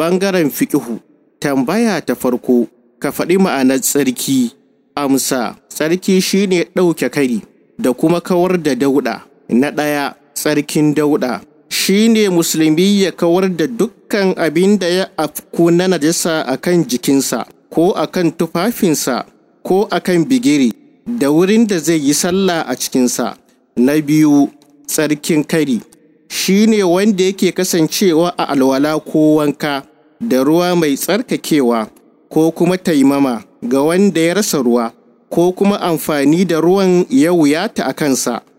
Ɓangaren fiƙihu, tambaya ta farko, ka faɗi ma'anar tsarki, amsa, tsarki shine ɗauke kari da kuma kawar da dauɗa. Na ɗaya, tsarkin dauɗa. Shi ne musulmi ya kawar da dukkan abin da ya afku na najasa a kan jikinsa, ko a kan tufafinsa, ko a kan bigiri, da wurin da zai yi sallah a cikinsa. Na biyu, tsarkin kari. Shi ne wanda yake kasancewa a alwala ko wanka da ruwa mai tsarkakewa ko kuma taimama ga wanda ya rasa ruwa ko kuma amfani da ruwan ya wuyata a kansa